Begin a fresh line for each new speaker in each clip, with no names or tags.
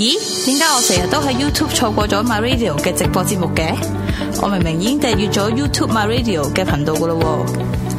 咦？點解我成日都喺 YouTube 錯過咗 My Radio 嘅直播節目嘅？我明明已經訂閱咗 YouTube My Radio 嘅頻道噶咯喎。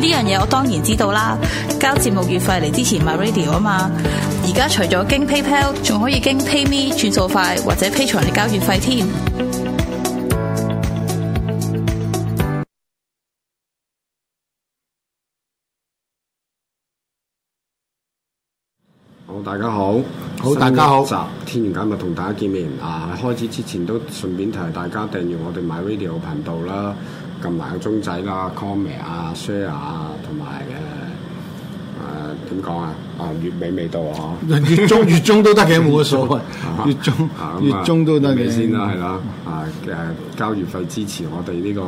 呢樣嘢我當然知道啦，交節目月費嚟支持 MyRadio 啊嘛。而家除咗經 PayPal，仲可以經 PayMe 轉數快、或者 Patreon 嚟交月費添。好，大家好，好，大家好，天玄解密同大家見面啊！開始之前都順便提大家訂閱我哋 MyRadio 嘅頻道啦。撳埋個鐘仔啦，Comi 啊、comment, Share 啊，同埋誒誒點講啊，啊月尾未到啊！月中月中都得嘅，冇乜所謂，月中、 啊啊、月中都得嘅先啦，係啦，啊誒交月費支持我哋呢個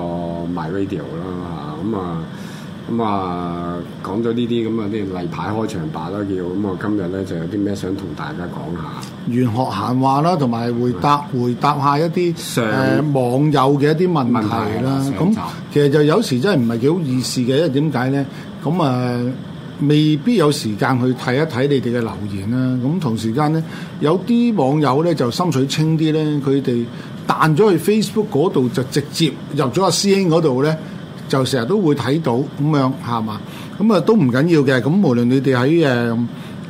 My Radio 啦，嚇咁啊～啊啊咁啊、嗯，講咗呢啲咁啊啲例牌開場白啦叫，咁、嗯、我今日咧就有啲咩想同大家講下，
玄學閒話啦，同埋回答、嗯、回答下一啲誒上、呃、網友嘅一啲問題啦。咁、嗯、其實就有時真係唔係幾好意思嘅，因為點解咧？咁、嗯、啊，未必有時間去睇一睇你哋嘅留言啦。咁、嗯、同時間咧，有啲網友咧就心水清啲咧，佢哋彈咗去 Facebook 嗰度就直接入咗阿師兄嗰度咧。就成日都會睇到咁樣，係嘛？咁啊都唔緊要嘅。咁無論你哋喺誒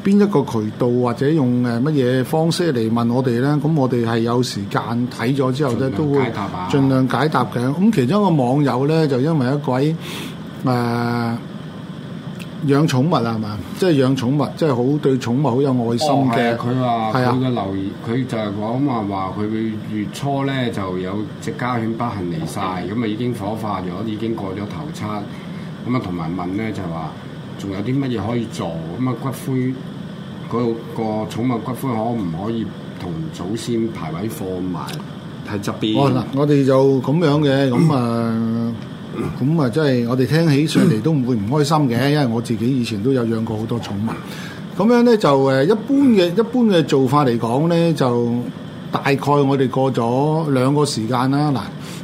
邊一個渠道或者用誒乜嘢方式嚟問我哋咧，咁我哋係有時間睇咗之後咧，都會盡量解答嘅。咁、嗯嗯、其中一個網友咧，就因為一位誒。呃養寵物啊，係嘛？即係養寵物，即係好對寵物好有愛心嘅。佢話、哦：佢
嘅的留言，佢就係講話話佢月初咧就有隻家犬不幸離晒，咁啊、哦、已經火化咗，已經過咗頭七。咁啊同埋問咧就話、是、仲有啲乜嘢可以做？咁、嗯、啊骨灰嗰個寵物骨灰可唔可以同祖先排位放埋喺側邊？
我哋就咁樣嘅，咁啊、嗯。嗯咁啊，嗯嗯、即係我哋聽起上嚟都唔會唔開心嘅，因為我自己以前都有養過好多寵物。咁樣呢，就誒，一般嘅一般嘅做法嚟講呢，就大概我哋過咗兩個時間啦。嗱，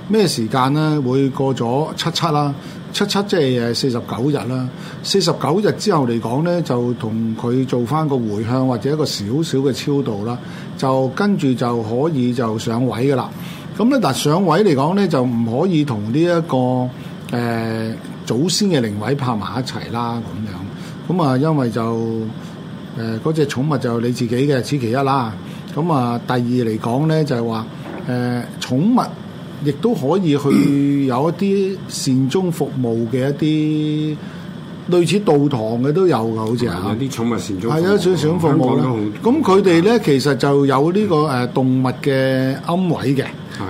咩時間呢？會過咗七七啦，七七即係四十九日啦。四十九日之後嚟講呢，就同佢做翻個回向，或者一個少少嘅超度啦，就跟住就可以就上位噶啦。咁咧，但係上位嚟講咧，就唔可以同呢一個誒祖先嘅靈位拍埋一齊啦。咁樣，咁啊，因為就誒嗰隻寵物就你自己嘅，此其一啦。咁啊，第二嚟講咧，就係話誒寵物亦都可以去有一啲善終服務嘅一啲類似道堂嘅都有噶，好似啊。有
啲寵物善終，係啊，寵物善終服務咧。
咁佢哋咧，其實就有呢個誒動物嘅安位嘅。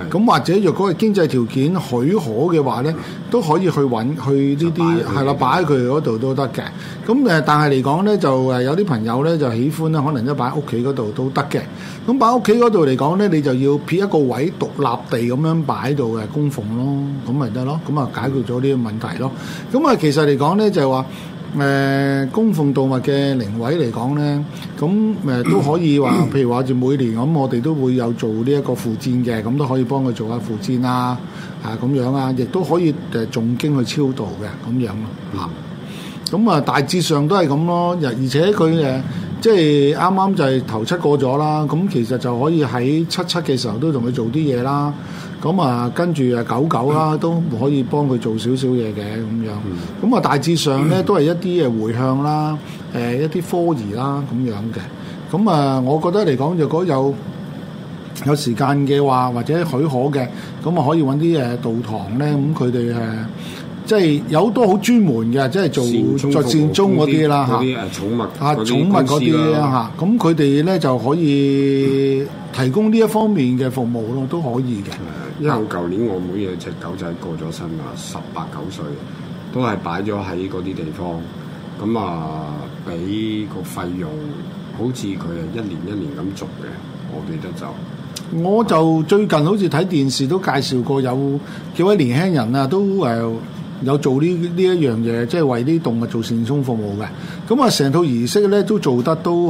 咁或者若果係經濟條件許可嘅話咧，都可以去揾去呢啲係啦，擺喺佢嗰度都得嘅。咁誒，但係嚟講咧，就誒有啲朋友咧就喜歡咧，可能都擺喺屋企嗰度都得嘅。咁擺喺屋企嗰度嚟講咧，你就要撇一個位獨立地咁樣擺喺度嘅供奉咯，咁咪得咯。咁啊解決咗呢個問題咯。咁啊，其實嚟講咧就係話。誒、呃、供奉動物嘅靈位嚟講咧，咁、嗯、誒、呃、都可以話，譬如話住每年咁、嗯，我哋都會有做呢一個附薦嘅，咁、嗯、都可以幫佢做下附薦啊，啊咁樣啊，亦都可以誒誦經去超度嘅咁樣咯，啊，咁、嗯、啊、嗯嗯、大致上都係咁咯，而且佢誒。呃即係啱啱就係頭七過咗啦，咁其實就可以喺七七嘅時候都同佢做啲嘢啦。咁啊，跟住誒九九啦，都可以幫佢做少少嘢嘅咁樣。咁啊，大致上咧都係一啲嘅回向啦，誒一啲科儀啦咁樣嘅。咁啊，我覺得嚟講，如果有有時間嘅話，或者許可嘅，咁啊可以搵啲誒道堂咧，咁佢哋誒。即係有好多好專門嘅，即係做善終嗰啲啦嚇，
啊寵物嗰啲嚇，
咁佢哋咧就可以提供呢一方面嘅服務咯，都可以嘅。
嗯、因為舊年我妹有隻狗仔過咗身啦，十八九歲都係擺咗喺嗰啲地方，咁啊俾個費用，好似佢啊一年一年咁續嘅，我記得就。嗯、
我就最近好似睇電視都介紹過，有幾位年輕人啊，都誒。都都有做呢呢一樣嘢，即係為啲動物做善終服務嘅。咁、嗯、啊，成套儀式咧都做得都誒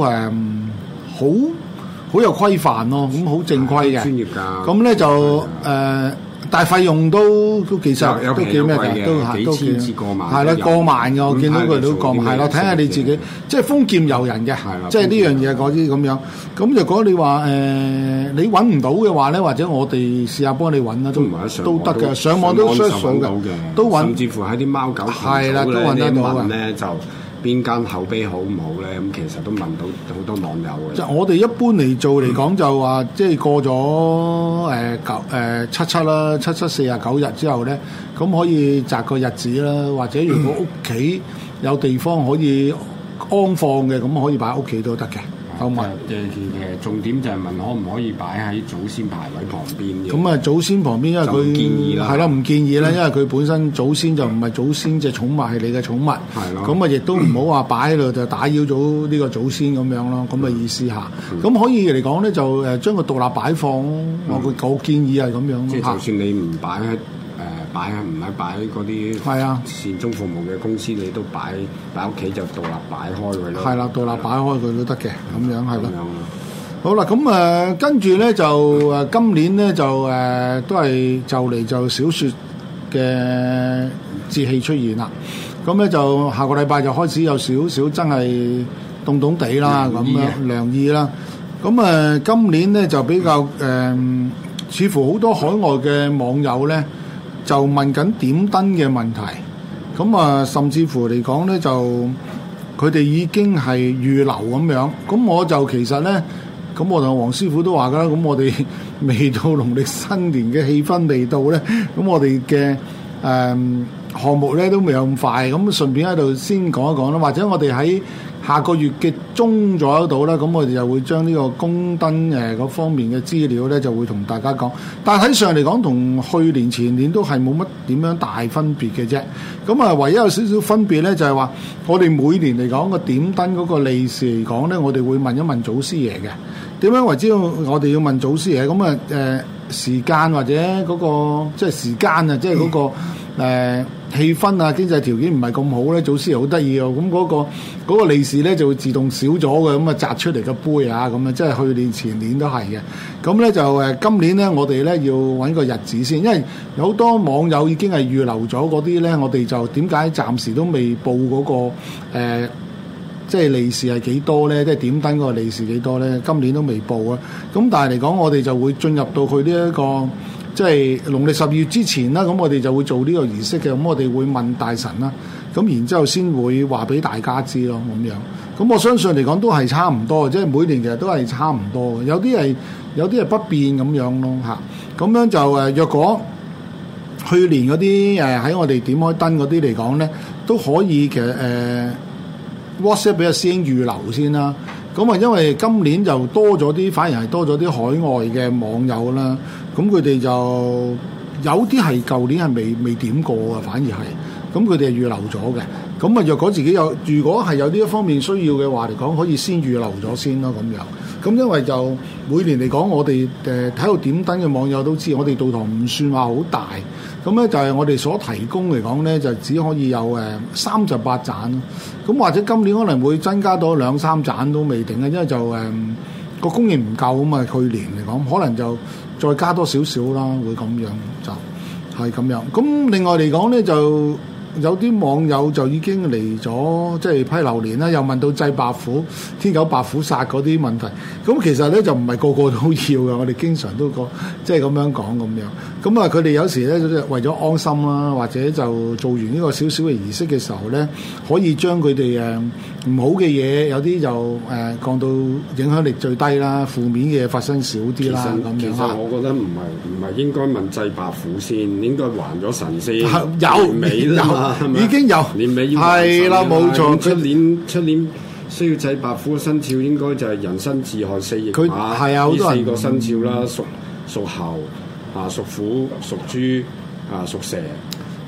好好有規範咯，咁、嗯、好正規嘅。咁咧、哎、都好專業嘅、就誒。嗯呃但係費用都都其實，都幾咩嘅，都嚇都幾次過萬，係啦過萬嘅，我見到佢哋都過萬，係咯，睇下你自己，即係豐儉由人嘅係即係呢樣嘢嗰啲咁樣。咁若果你話誒你揾唔到嘅話咧，或者我哋試下幫你揾啦，都都得嘅，上網都得上嘅，都甚
至乎喺啲貓狗店度咧，你問咧就。邊間口碑好唔好咧？咁其實都問到好多網友嘅。就
我哋一般嚟做嚟講，嗯，就話即係過咗誒、呃、九誒七七啦，七七,七四十九日之後咧，咁可以擇個日子啦，或者如果屋企有地方可以安放嘅，咁可以擺喺屋企都得嘅。寵
物嘅嘅重點就係問可唔可以擺喺祖先牌位旁邊？咁啊，
祖先旁邊因為佢建議啦，係啦，唔建議啦，因為佢本身祖先就唔係祖先，隻寵物係你嘅寵物，係咯的。咁啊，亦都唔好話擺喺度就打擾咗呢個祖先咁樣咯。咁嘅意思吓。咁、嗯、可以嚟講咧，就誒將佢獨立擺放，嗯、我會好建議係咁樣咯。即就算
你唔擺喺。誒擺啊，唔係擺嗰啲，係啊，善終服務嘅公司你都擺擺屋企就獨立擺開佢咯。係
啦，獨立擺開佢都得嘅，咁樣係咯。好啦，咁誒跟住咧就誒今年咧就誒都係就嚟就小雪嘅節氣出現啦。咁咧就下個禮拜就開始有少少真係凍凍地啦，咁樣涼意啦。咁誒今年咧就比較誒，似乎好多海外嘅網友咧。就問緊點燈嘅問題，咁啊，甚至乎嚟講咧，就佢哋已經係預留咁樣。咁我就其實咧，咁我同黃師傅都話噶啦，咁我哋未到農曆新年嘅氣氛未到咧，咁我哋嘅誒項目咧都未有咁快。咁順便喺度先講一講啦，或者我哋喺。下個月嘅中咗度咧，咁我哋就會將呢個供燈誒嗰方面嘅資料咧，就會同大家講。但係上嚟講，同去年前年都係冇乜點樣大分別嘅啫。咁啊，唯一有少少分別咧，就係話我哋每年嚟講個點燈嗰個利是嚟講咧，我哋會問一問祖師爺嘅。點樣為之我哋要問祖師爺？咁啊誒時間或者嗰個即係時間啊，即係嗰個。嗯誒、呃、氣氛啊，經濟條件唔係咁好咧，祖師又好得意哦。咁、嗯、嗰、那個利是咧就會自動少咗嘅，咁、嗯、啊摘出嚟個杯啊，咁、嗯、啊，即係去年前年都係嘅。咁、嗯、咧就誒、呃、今年咧，我哋咧要揾個日子先，因為有好多網友已經係預留咗嗰啲咧，我哋就點解暫時都未報嗰、那個即係利是係幾多咧？即係點燈嗰個利是幾多咧？今年都未報啊。咁、嗯、但係嚟講，我哋就會進入到佢呢一個。即係農曆十二月之前啦，咁我哋就會做呢個儀式嘅，咁我哋會問大神啦，咁然之後先會話俾大家知咯，咁樣。咁我相信嚟講都係差唔多，即係每年其實都係差唔多嘅，有啲係有啲係不變咁樣咯，嚇。咁樣就誒，若果去年嗰啲誒喺我哋點開燈嗰啲嚟講咧，都可以其實、呃、WhatsApp 俾阿師兄預留先啦。咁啊，因為今年就多咗啲，反而係多咗啲海外嘅網友啦。咁佢哋就有啲係舊年係未未點過啊，反而係咁佢哋係預留咗嘅。咁啊，若果自己有，如果係有呢一方面需要嘅話嚟講，可以先預留咗先咯。咁樣，咁因為就每年嚟講，我哋誒睇到點燈嘅網友都知，我哋道堂唔算話好大。咁咧就係我哋所提供嚟講咧，就只可以有誒三十八盞。咁或者今年可能會增加到兩三盞都未定啊，因為就誒個供應唔夠啊嘛。去年嚟講，可能就再加多少少啦，會咁樣就係咁樣。咁另外嚟講咧，就有啲網友就已經嚟咗，即係批流年啦，又問到祭白虎、天狗白虎殺嗰啲問題。咁其實咧就唔係個個都要嘅，我哋經常都講即係咁樣講咁樣。咁啊！佢哋有時咧，為咗安心啦，或者就做完呢個少少嘅儀式嘅時候咧，可以將佢哋誒唔好嘅嘢，有啲就誒降到影響力最低啦，負面嘅嘢發生少啲啦，咁其實我
覺得唔係唔係應該問祭白虎先，應該還咗神先。 有尾啦嘛，已經有年尾要。係啦，冇錯。出年出年需要祭白虎嘅生肖應該就係人生自害，他四翼，佢係啊，好多個生肖啦，屬屬猴。啊，屬虎、屬豬、啊，屬蛇，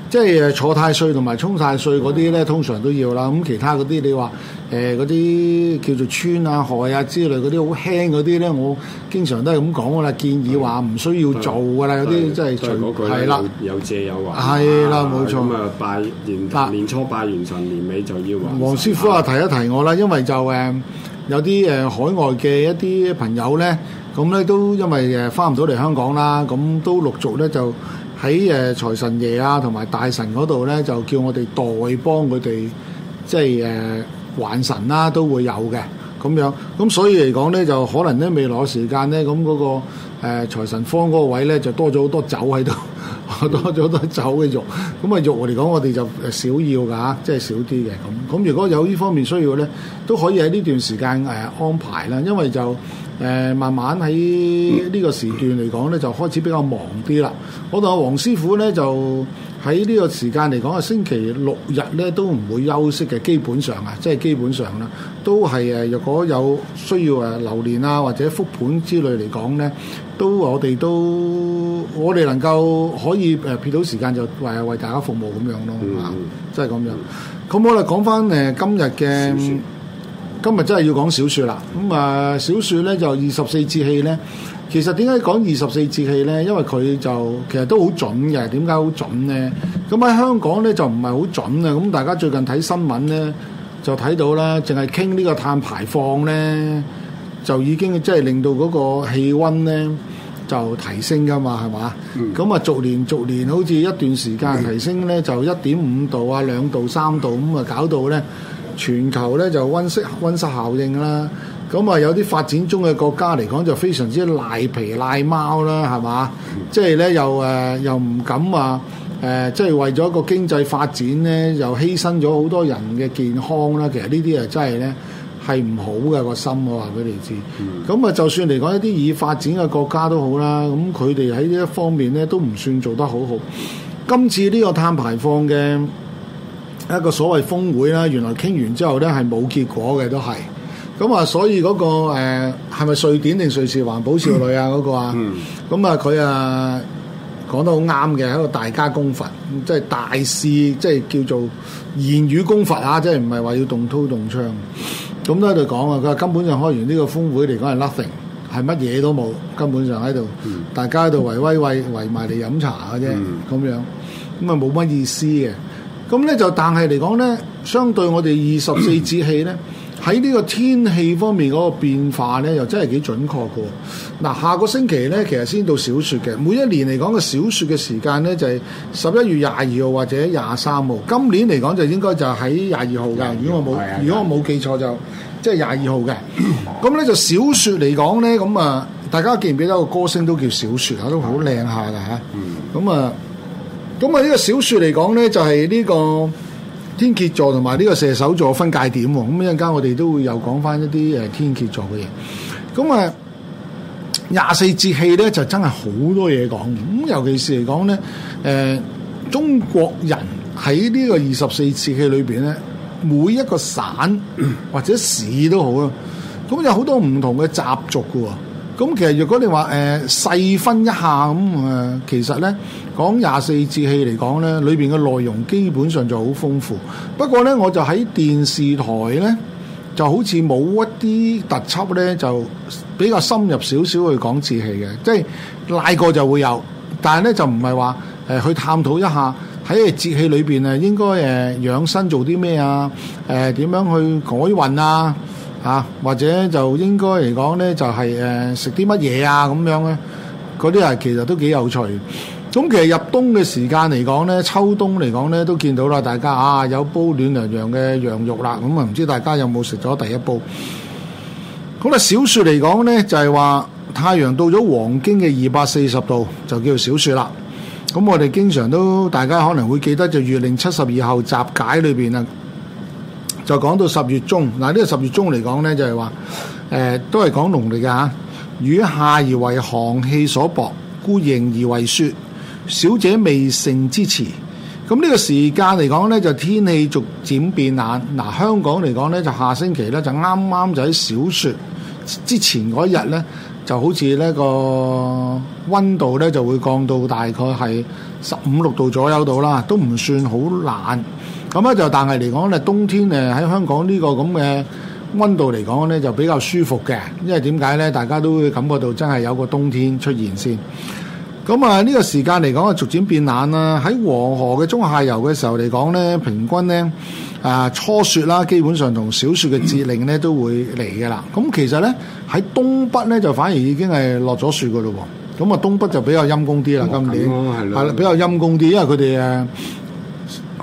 即係坐太歲同埋沖太歲嗰啲咧，通常都要啦。咁其他嗰啲，你話誒嗰啲叫做穿啊、害啊之類嗰啲好輕嗰啲咧，我經常都係咁講噶啦，建議話唔需要做噶啦。有啲即係除句，係啦，
有借有還。係啦，冇錯。啊，拜年年初拜元神，年尾就要還。黃
師傅啊，提一提我啦，因為就誒有啲誒海外嘅一啲朋友咧。咁咧都因為誒翻唔到嚟香港啦，咁都陸續咧就喺誒財神爺啊同埋大神嗰度咧，就叫我哋代幫佢哋即係誒還神啦，都會有嘅咁樣。咁所以嚟講咧，就可能咧未攞時間咧，咁嗰個誒財神方嗰個位咧，就多咗好多酒喺度，多咗好多酒嘅肉。咁啊肉嚟講，我哋就少要㗎，即係少啲嘅。咁咁如果有呢方面需要咧，都可以喺呢段時間誒安排啦，因為就。誒慢慢喺呢個時段嚟講咧，就開始比較忙啲啦。我同阿黃師傅咧，就喺呢個時間嚟講，啊星期六日咧都唔會休息嘅，基本上啊，即係基本上啦，都係誒。若果有需要誒流年啊或者覆盤之類嚟講咧，都我哋都我哋能夠可以誒撇、呃、到時間就為為大家服務咁樣咯，即係咁樣。咁、嗯、我哋講返誒今日嘅。今日真係要講小雪啦，咁啊小雪咧就二十四節氣咧，其實點解講二十四節氣咧？因為佢就其實都好準嘅，點解好準咧？咁喺香港咧就唔係好準啊！咁大家最近睇新聞咧就睇到啦，淨係傾呢個碳排放咧，就已經即係、就是、令到嗰個氣温咧就提升噶嘛，係嘛？咁啊、嗯、逐年逐年好似一段時間提升咧就一點五度啊兩度三度咁啊搞到咧。全球咧就温室，温室效應啦，咁啊有啲發展中嘅國家嚟講就非常之賴皮賴貓啦，係嘛？即係咧又誒、呃、又唔敢話誒、呃，即係為咗個經濟發展咧，又犧牲咗好多人嘅健康啦。其實呢啲啊真係咧係唔好嘅個心，我話俾你知。咁啊，就算嚟講一啲已發展嘅國家都好啦，咁佢哋喺呢一方面咧都唔算做得好好。今次呢個碳排放嘅。一個所謂峯會啦，原來傾完之後咧係冇結果嘅，都係咁啊。所以嗰、那個誒係咪瑞典定瑞士環保少女啊嗰、那個啊？咁 啊，佢啊講得好啱嘅，喺度大家攻伐，即係大師，即係叫做言語攻伐啊，即係唔係話要動刀動槍，咁都喺度講啊。佢話根本上開完呢個峯會嚟講係 nothing，係乜嘢都冇，根本上喺度， 大家喺度圍圍圍圍埋嚟飲茶嘅啫，咁樣咁啊冇乜意思嘅。咁咧就，但係嚟講咧，相對我哋二十四節氣咧，喺呢 個天氣方面嗰個變化咧，又真係幾準確嘅。嗱，下個星期咧，其實先到小雪嘅。每一年嚟講嘅小雪嘅時間咧，就係十一月廿二號或者廿三號。今年嚟講就應該就喺廿二號嘅。日如果我冇的如果我冇記錯就即係廿二號嘅。咁咧 就小雪嚟講咧，咁啊，大家記唔記得個歌星都叫小雪啊？都好靚下嘅嚇。咁啊。 咁啊！呢個小説嚟講咧，就係呢個天蠍座同埋呢個射手座分界點喎。咁一陣間我哋都會有講翻一啲誒天蠍座嘅嘢。咁啊，廿四節氣咧就真係好多嘢講。咁尤其是嚟講咧，誒、呃、中國人喺呢個二十四節氣裏邊咧，每一個省或者市都好啊。咁有好多唔同嘅習俗喎。咁其實，如果你話誒、呃、細分一下咁啊、呃，其實咧講廿四節氣嚟講咧，裏邊嘅內容基本上就好豐富。不過咧，我就喺電視台咧，就好似冇一啲特輯咧，就比較深入少少去講節氣嘅。即係拉過就會有，但係咧就唔係話誒去探討一下喺節氣裏邊啊，應該誒、呃、養生做啲咩啊？誒、呃、點樣去改運啊？啊，或者就應該嚟講呢，就係誒食啲乜嘢啊咁樣呢，嗰啲係其實都幾有趣。咁、嗯、其實入冬嘅時間嚟講呢，秋冬嚟講呢，都見到啦，大家啊有煲暖洋洋嘅羊肉啦。咁啊唔知大家有冇食咗第一煲？咁、嗯、啊、嗯、小雪嚟講呢，就係、是、話太陽到咗黃經嘅二百四十度就叫做小雪啦。咁、嗯、我哋經常都大家可能會記得就《月令七十二候集解裏面》裏邊啊。就講到十月中，嗱呢個十月中嚟講呢，就係話誒都係講農曆嘅嚇。雨、啊、下而為寒氣所薄，故凝而為雪。小雪未盛之時，咁呢個時間嚟講呢，就天氣逐漸變冷。嗱，香港嚟講呢，就下星期呢，就啱啱就喺小雪之前嗰日呢，就好似呢個温度呢，就會降到大概係十五六度左右度啦，都唔算好冷。咁咧就，但係嚟講咧，冬天誒喺香港呢個咁嘅温度嚟講咧，就比較舒服嘅。因為點解咧？大家都會感覺到真係有個冬天出現先。咁、嗯、啊，呢、呢個時間嚟講啊，逐漸變冷啦。喺黃河嘅中下游嘅時候嚟講咧，平均咧啊初雪啦，基本上同小雪嘅節令咧都會嚟嘅啦。咁、嗯、其實咧喺東北咧，就反而已經係落咗雪嘅咯喎。咁、嗯、啊，東北就比較陰公啲啦。的今年係啦，比較陰公啲，因為佢哋誒。呃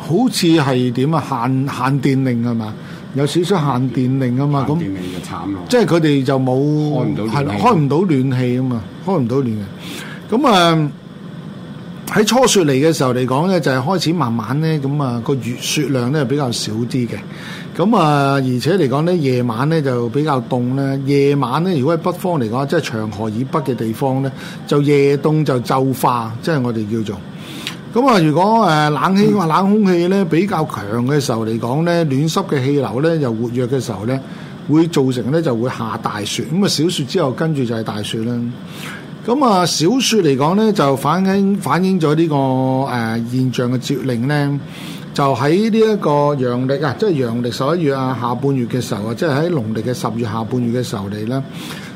好似係點啊？限限電令啊嘛，有少少限電令啊嘛，咁即係佢哋就冇開唔到暖氣啊嘛，開唔到暖氣。咁啊喺初雪嚟嘅時候嚟講咧，就係開始慢慢咧，咁啊個月雪量咧比較少啲嘅。咁啊、uh, 而且嚟講咧，夜晚咧就比較凍咧。夜晚咧，如果喺北方嚟講，即係長河以北嘅地方咧，就夜凍就晝化，即係我哋叫做。咁啊，如果誒冷氣或冷空氣咧比較強嘅時候嚟講咧，暖濕嘅氣流咧又活躍嘅時候咧，會造成咧就會下大雪。咁啊，小雪之後跟住就係大雪啦。咁啊，小雪嚟講咧就反映反映咗呢個誒現象嘅節令咧，就喺呢一個陽曆啊，即係陽曆十一月啊，下半月嘅時候啊，即係喺農曆嘅十月下半月嘅時候嚟啦。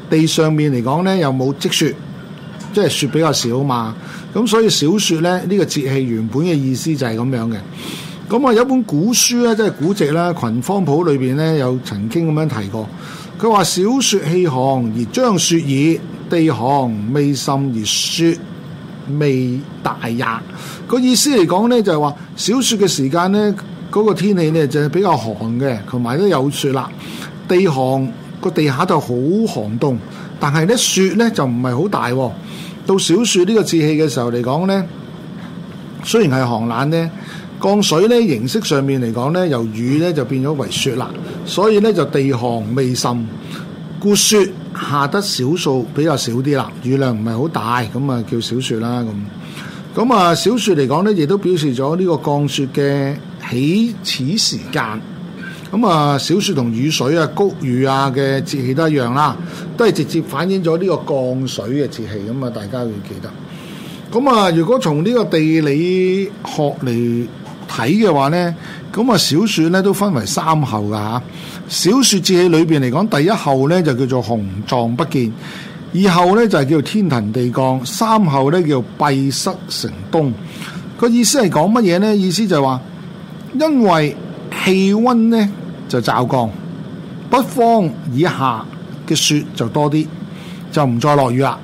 地上面嚟講咧又冇積雪。即係雪比較少嘛，咁所以小雪呢，呢個節氣原本嘅意思就係咁樣嘅。咁啊有本古書呢，即係古籍啦，《群芳譜》裏邊呢，有曾經咁樣提過。佢話小雪氣寒而將雪耳，地寒未甚而雪未大也。個意思嚟講呢，就係話小雪嘅時間呢，嗰個天氣呢，就係比較寒嘅，同埋都有雪啦。地寒，個地下就好寒凍，但係呢雪呢，就唔係好大喎。到小雪呢個節氣嘅時候嚟講咧，雖然係寒冷咧，降水咧形式上面嚟講咧，由雨咧就變咗為雪啦，所以咧就地寒未甚，故雪下得少數比較少啲啦，雨量唔係好大，咁啊叫小雪啦咁。咁啊小雪嚟講咧，亦都表示咗呢個降雪嘅起始時間。咁啊，小雪同雨水啊、谷雨啊嘅節氣都一樣啦，都係直接反映咗呢個降水嘅節氣，咁啊，大家要記得。咁啊，如果從呢個地理學嚟睇嘅話呢，咁啊，小雪呢都分為三候嘅嚇。小雪節氣裏邊嚟講，第一候呢就叫做虹藏不見，二候呢就係叫做天騰地降，三候呢叫閉塞成冬。個意思係講乜嘢呢？意思就係話，因為氣溫呢就驟降，北方以下嘅雪就多啲，就唔再落雨啦。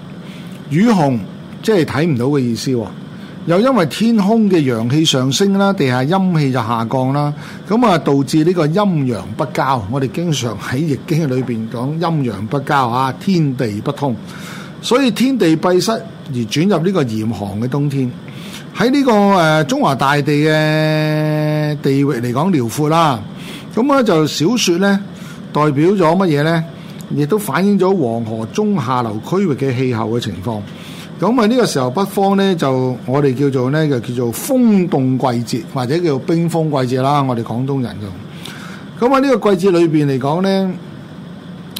雨紅即係睇唔到嘅意思，又因為天空嘅陽氣上升啦，地下陰氣就下降啦，咁啊導致呢個陰陽不交。我哋經常喺易經裏邊講陰陽不交啊，天地不通，所以天地閉塞而轉入呢個嚴寒嘅冬天。喺呢個誒中華大地嘅。地域嚟講遼闊啦，咁咧就小雪咧，代表咗乜嘢咧？亦都反映咗黃河中下流區域嘅氣候嘅情況。咁啊呢個時候北方咧就我哋叫做咧就叫做風凍季節或者叫做冰封季節啦。我哋廣東人用。咁喺呢個季節裏邊嚟講咧，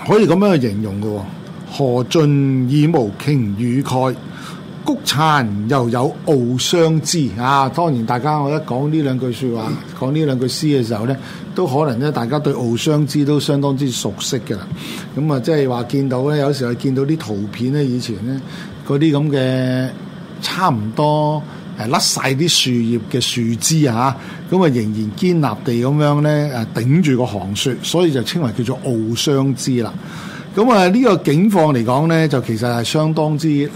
可以咁樣去形容嘅，荷盡已無擎雨蓋。菊殘又有傲霜枝啊！當然，大家我一講呢兩句説話，講呢是兩句詩嘅時候咧，都可能咧，大家對傲霜枝都相當之熟悉嘅啦。咁啊，即係話見到咧，有時候見到啲圖片咧，以前咧嗰啲咁嘅差唔多誒甩晒啲樹葉嘅樹枝啊，咁啊仍然堅立地咁樣咧誒頂住個寒雪，所以就稱為叫做傲霜枝啦。咁啊，呢個景況嚟講咧，就其實係相當之靚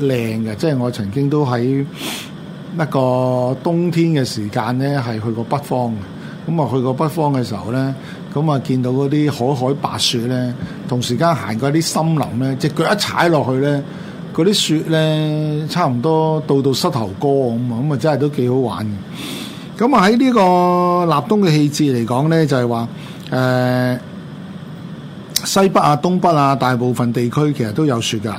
嘅。即係我曾經都喺一個冬天嘅時間咧，係去過北方嘅。咁啊，去過北方嘅時候咧，咁啊見到嗰啲海海白雪咧，同時間行過啲森林咧，隻腳一踩落去咧，嗰啲雪咧，差唔多到到膝頭哥咁啊！咁啊，真係都幾好玩嘅。咁啊，喺呢個立冬嘅氣節嚟講咧，就係話誒，呃西北啊、東北啊，大部分地區其實都有雪噶。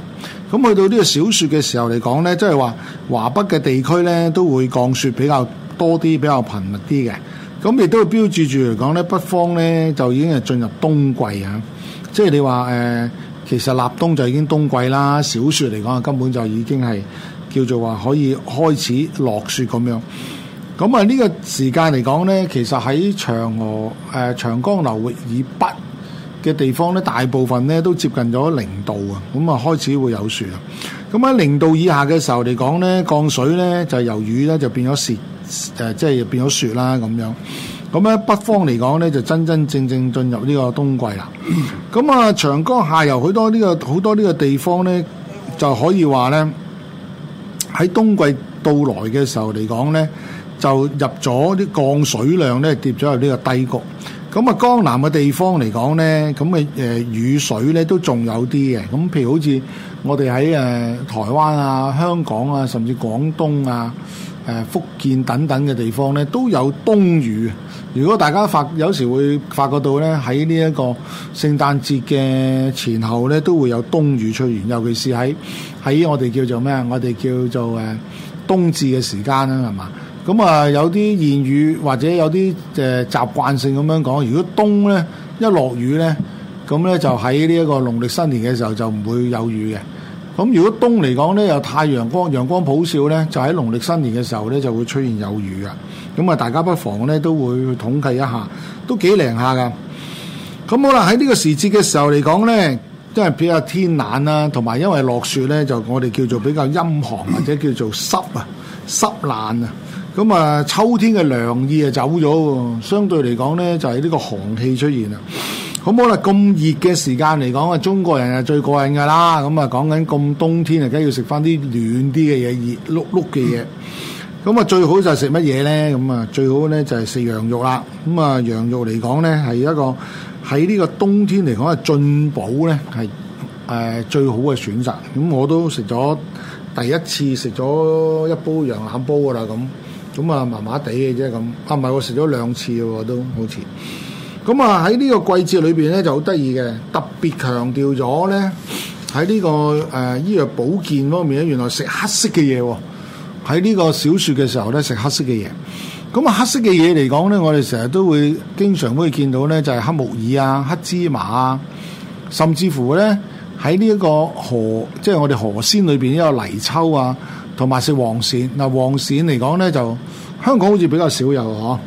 咁去到呢個小雪嘅時候嚟講呢，即係話華北嘅地區呢，都會降雪比較多啲，比較頻密啲嘅。咁亦都標誌住嚟講呢，北方呢就已經係進入冬季啊。即係你話誒，其實立冬就已經冬季啦。小雪嚟講，根本就已經係叫做話可以開始落雪咁樣。咁啊，呢個時間嚟講呢，其實喺長河誒、呃、長江流域以北。嘅地方咧，大部分咧都接近咗零度啊，咁啊，開始會有雪啦。咁喺零度以下嘅時候嚟講咧，降水咧就由雨咧就變咗雪，誒即係變咗雪啦咁樣。咁咧北方嚟講咧，就真真正正進入呢個冬季啦。咁啊，長江下游好多呢個好多呢個地方咧，就可以話咧喺冬季到來嘅時候嚟講咧，就入咗啲降水量咧跌咗入呢個低谷。咁啊，江南嘅地方嚟講咧，咁嘅誒雨水咧都仲有啲嘅。咁譬如好似我哋喺誒台灣啊、香港啊，甚至廣東啊、誒福建等等嘅地方咧，都有冬雨。如果大家發有時會發覺到咧，喺呢一個聖誕節嘅前後咧，都會有冬雨出現，尤其是喺喺我哋叫做咩啊，我哋叫做誒冬至嘅時間啦，係嘛？咁啊，有啲諺語或者有啲誒、呃、習慣性咁樣講。如果冬呢一落雨呢，咁呢就喺呢一個農曆新年嘅時候就唔會有雨嘅。咁如果冬嚟講呢，有太陽光陽光普照呢，就喺農曆新年嘅時候呢，就會出現有雨嘅。咁啊，大家不妨呢都會統計一下，都幾靈下㗎。咁好啦，喺呢個時節嘅時候嚟講呢，都係比較天冷啦、啊，同埋因為落雪呢，就我哋叫做比較陰寒或者叫做濕啊、濕冷啊。咁啊，秋天嘅涼意啊走咗，相對嚟講咧就係、是、呢個寒氣出現啦。咁好啦，咁熱嘅時間嚟講啊，中國人係最過癮噶啦。咁啊講緊咁冬天啊，梗係要食翻啲暖啲嘅嘢，熱碌碌嘅嘢。咁啊、嗯、最好就食乜嘢咧？咁啊最好咧就係食羊肉啦。咁啊羊肉嚟講咧，係一個喺呢個冬天嚟講啊進補咧係誒最好嘅選擇。咁我都食咗第一次食咗一煲羊腩煲噶啦咁。咁啊，麻麻地嘅啫咁。啊，唔係，我食咗兩次喎，都好似。咁啊，喺呢個季節裏邊咧，就好得意嘅，特別強調咗咧，喺呢、這個誒、呃、醫藥保健方面咧，原來食黑色嘅嘢喎。喺呢個小雪嘅時候咧，食黑色嘅嘢。咁啊，黑色嘅嘢嚟講咧，我哋成日都會經常都會見到咧，就係、是、黑木耳啊、黑芝麻啊，甚至乎咧喺呢一個河，即、就、係、是、我哋河鮮裏邊有泥鰍啊。同埋食黃鱔，嗱黃鱔嚟講咧就香港好似比較少有嗬，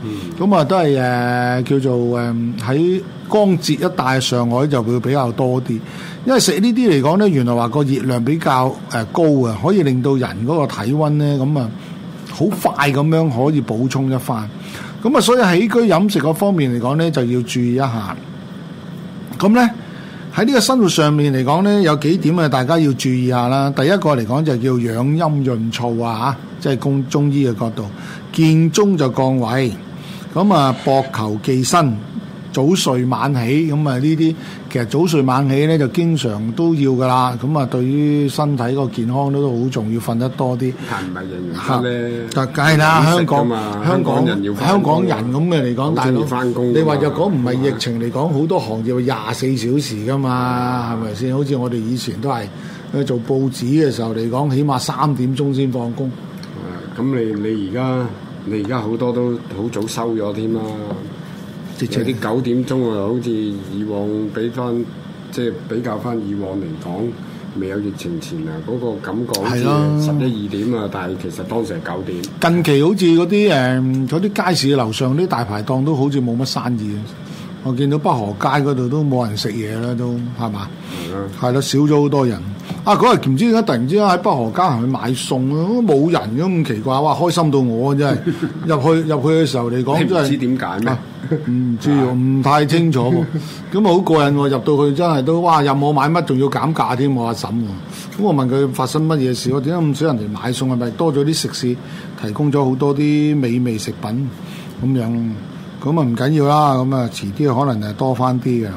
咁啊都係誒叫做誒喺江浙一帶上海就會比較多啲，因為食呢啲嚟講咧，原來話個熱量比較誒高啊，可以令到人嗰個體温咧咁啊好快咁樣可以補充一番，咁啊所以起居飲食嗰方面嚟講咧就要注意一下，咁咧。喺呢個生活上面嚟講呢，有幾點啊？大家要注意下啦。第一個嚟講就叫養陰潤燥啊，即係公中醫嘅角度，健中就降位咁啊，博求寄身。早睡晚起咁啊！呢啲其實早睡晚起咧就經常都要噶啦。咁啊，對於身體嗰個健康咧都好重要，瞓得多啲。唔係人要瞓咧，就梗係啦。香港香港香港人咁嘅嚟講，大佬，你話若果唔係疫情嚟講，好多行業廿四小時噶嘛，係咪先？好似我哋以前都係去做報紙嘅時候嚟講，起碼三點鐘先放工。啊！咁你
你而家你而家好多都好早收咗添啦。直情啲九點鐘啊，好似以往比翻，即係比較翻以往嚟講，未有疫情前啊，嗰、嗰個感覺好似十一二點啊，但係其實當時係九點。
近期好似嗰啲誒，嗰、嗯、啲街市樓上啲大排檔都好似冇乜生意啊。我見到北河街嗰度都冇人食嘢啦，都係嘛？係咯， 少咗好多人。啊，嗰日唔知點解突然之間喺北河街行去買餸冇人咁奇怪，哇！開心到我真係入 去入去嘅時候你講，唔、 啊嗯、知點解咩？唔知，唔太清楚，咁啊好過癮喎！入到去真係都哇！有冇買乜？仲要減價添，我阿嬸。咁、啊、我問佢發生乜嘢事？我點解咁少人嚟買餸？係咪多咗啲食肆提供咗好多啲美味食品咁樣？咁啊唔緊要啦，咁啊遲啲可能誒多翻啲嘅，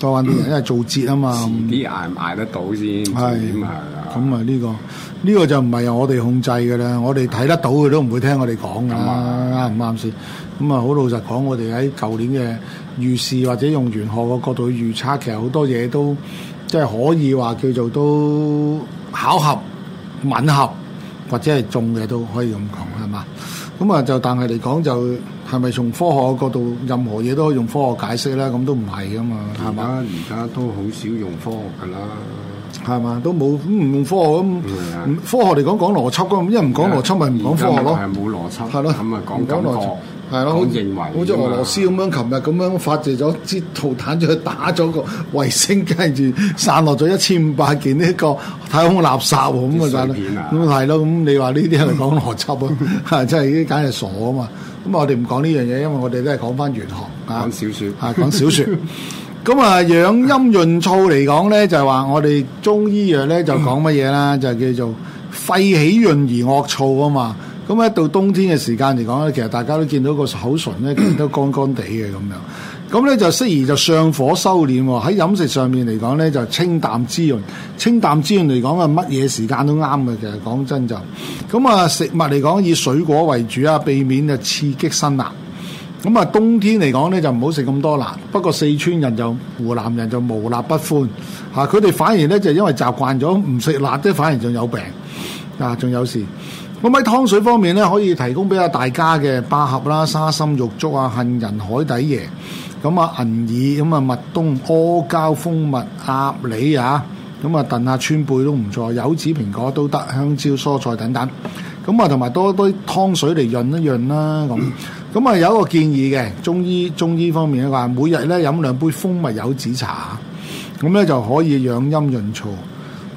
多翻啲人，嗯、因為做節啊嘛。嗯、
遲啲捱捱得到先
是，係咁啊！呢的、呢個呢、呢個就唔係由我哋控制嘅啦，的我哋睇得到佢都唔會聽我哋講噶。啱唔啱先？咁啊，好老實講，我哋喺舊年嘅預示或者用玄學嘅角度去預測，其實好多嘢都即係可以話叫做都巧合吻合。或者係種嘅都可以咁講係嘛？咁啊就但係嚟講就係咪從科學嘅角度，任何嘢都可以用科學解釋咧？咁都唔係啊嘛，係嘛？而家都好少用科學㗎啦，係嘛？都冇唔用科學
咁，
的科學嚟講講邏輯㗎，因為唔講邏輯咪唔講科學咯，係
冇邏輯，係咯的，咁咪講感覺。係咯，好、嗯、認為，好似俄羅斯
咁樣，琴日咁樣發射咗支導彈，再打咗個衛星，跟住散落咗一千五百件呢一個太空垃圾喎，咁啊散，咁係咯，咁你話呢啲係咪講邏輯 啊？真係啲簡直傻啊嘛！咁我哋唔講呢樣嘢，因為我哋都係講翻玄學啊，講小説啊，講小説。咁啊，養陰潤燥嚟講咧，就係、係、話我哋中醫藥咧就講乜嘢啦？就係就係、叫做肺喜潤而惡燥啊嘛。咁一到冬天嘅時間嚟講咧，其實大家都見到個口唇咧都乾乾地嘅咁樣，咁咧就適宜就上火收斂喎。喺飲食上面嚟講咧，就清淡滋潤。清淡滋潤嚟講啊，乜嘢時間都啱嘅。其實講真就，咁啊食物嚟講以水果為主啊，避免就刺激辛辣。咁啊冬天嚟講咧就唔好食咁多辣。不過四川人就湖南人就無辣不歡嚇，佢哋反而咧就因為習慣咗唔食辣，即反而仲有病啊，仲有事。咁喺湯水方面咧，可以提供俾啊大家嘅百合啦、沙參玉竹啊、杏仁、海底椰，咁啊銀耳，咁啊麥冬、阿膠、蜂蜜、鴨梨啊，咁啊燉下川貝都唔錯，柚子、蘋果都得，香蕉、蔬菜等等，咁啊同埋多啲湯水嚟潤一潤啦。咁咁啊有一個建議嘅，中醫中醫方面咧話，每日咧飲兩杯蜂蜜柚子茶，咁、啊、咧、啊、就可以養陰潤燥。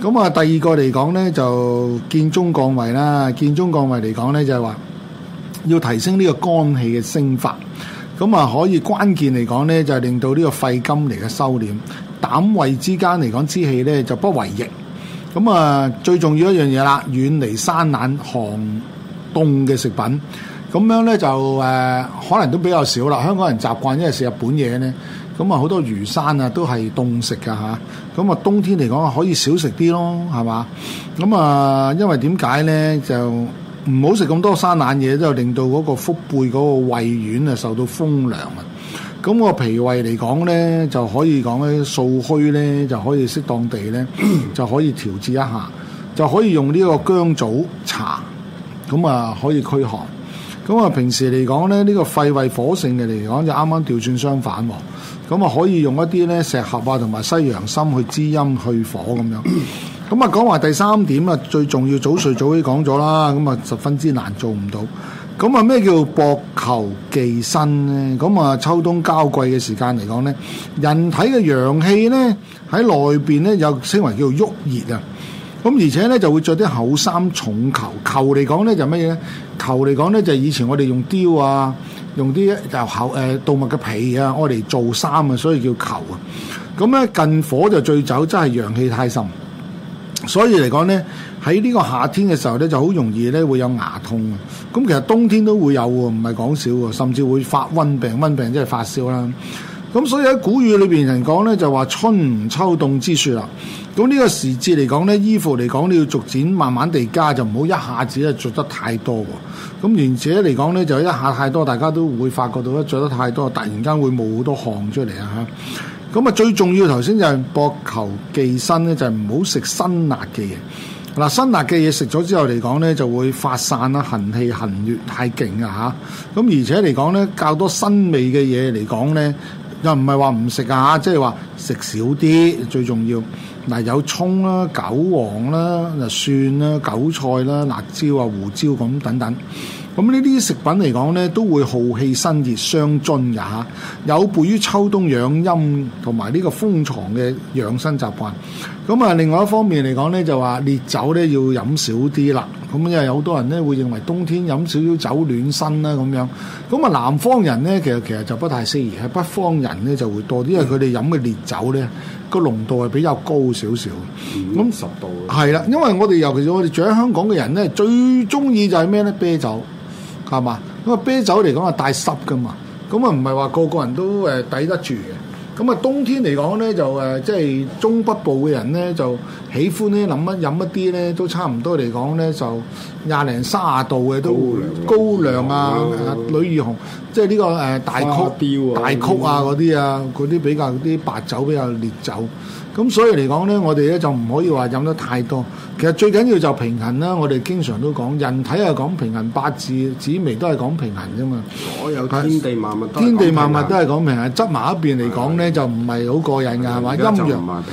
咁啊，第二個嚟講咧，就建中降胃啦。建中降胃嚟講咧，就係話要提升呢個肝氣嘅升發。咁啊，可以關鍵嚟講咧，就係令到呢個肺金嚟嘅收斂，膽胃之間嚟講之氣咧就不為逆。咁啊，最重要一樣嘢啦，遠離生冷寒凍嘅食品。咁樣咧就誒，可能都比較少啦。香港人習慣因為食日本嘢咧。咁啊，好多魚生啊，都係凍食噶吓，咁啊，冬天嚟講可以少食啲咯，係嘛？咁啊，因為點解咧就唔好食咁多生冷嘢，都令到嗰個腹背嗰個胃丸啊受到風涼啊。咁、啊、個脾胃嚟講咧，就可以講咧素虛咧，就可以適當地咧 就可以調節一下，就可以用呢個薑棗茶，咁啊可以驅寒。咁啊，平時嚟講咧，呢、這個肺胃火盛嘅嚟講就啱啱調轉相反喎、啊。咁啊，可以用一啲咧石斛啊，同埋西洋參去滋陰去火咁樣。咁啊， 講話第三點啊，最重要早睡早起講咗啦，咁啊十分之難做唔到。咁啊，咩叫薄裘忌身咧？咁啊，秋冬交季嘅時間嚟講咧，人體嘅陽氣咧喺內邊咧，又稱為叫做鬱熱啊。咁而且咧就會着啲厚衫重裘。裘嚟講咧就乜嘢咧？裘嚟講咧就係以前我哋用貂啊。用啲由猴誒動物嘅皮啊，我嚟做衫啊，所以叫裘啊。咁咧近火就醉酒，真係陽氣太甚，所以嚟講咧喺呢個夏天嘅時候咧就好容易咧會有牙痛啊。咁其實冬天都會有喎，唔係講少喎，甚至會發瘟病、瘟病即係發燒啦。咁所以喺古語裏邊人講咧就話春唔秋凍之說啦。咁呢個時節嚟講咧，衣服嚟講你要逐漸慢慢地加，就唔好一下子咧著得太多喎。咁而且嚟講咧，就一下太多，大家都會發覺到咧著得太多，突然間會冇好多汗出嚟啊！嚇，咁啊最重要頭先就係博求忌身咧，就唔好食辛辣嘅嘢。嗱、啊，辛辣嘅嘢食咗之後嚟講咧，就會發散啦，行氣行血太勁啊！嚇，咁而且嚟講咧，較多辛味嘅嘢嚟講咧。又唔係話唔食啊，即係話食少啲最重要。嗱，有葱啦、韭黃啦、又蒜啦、韭菜啦、辣椒啊、胡椒咁等等。咁呢啲食品嚟講呢，都會耗氣生熱，傷津呀。有悖於秋冬養陰同埋呢個封藏嘅養生習慣。咁啊，另外一方面嚟講咧，就話烈酒咧要飲少啲啦。咁因為有好多人咧會認為冬天飲少少酒暖身啦，咁樣。咁啊，南方人咧其實其實就不太適宜，喺北方人咧就會多啲，因為佢哋飲嘅烈酒咧個濃度係比較高少少。咁、嗯、咁十度。係啦，因為我哋尤其是我哋住喺香港嘅人咧，最中意就係咩咧？啤酒係嘛？咁啊，啤酒嚟講係帶濕㗎嘛。咁啊，唔係話個個人都誒抵得住嘅。咁啊，冬天嚟講咧，就誒，即係中北部嘅人咧，就喜歡咧，諗乜飲一啲咧，都差唔多嚟講咧，就廿零卅度嘅都高粱啊、女、呃、兒紅，即係呢個誒大曲、啊啊大曲啊嗰啲啊，啊，嗰啲比較啲白酒比較烈酒。咁所以嚟講咧，我哋咧就唔可以話飲得太多。其實最緊要就平衡啦。我哋經常都講，人體係講平衡，八字，紫微都係講平衡啫嘛。所有
天地萬物，天地萬物
都係講平衡。執埋一邊嚟講咧，的就唔係好過癮嘅，係嘛？陰陽平衡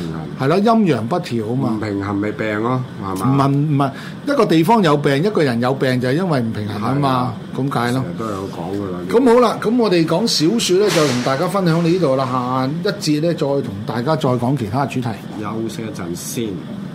係咯、啊，陰陽不調啊嘛。唔平衡咪病咯，係嘛？唔係唔係，一個地方有病，一個人有病就係、是、因為唔平衡啊嘛。
咁解咯，都係有講噶啦。
咁好啦，咁我哋講小雪咧，就同大家分享呢度啦。下一節咧，再同大家再講其他主題，
休息一陣先。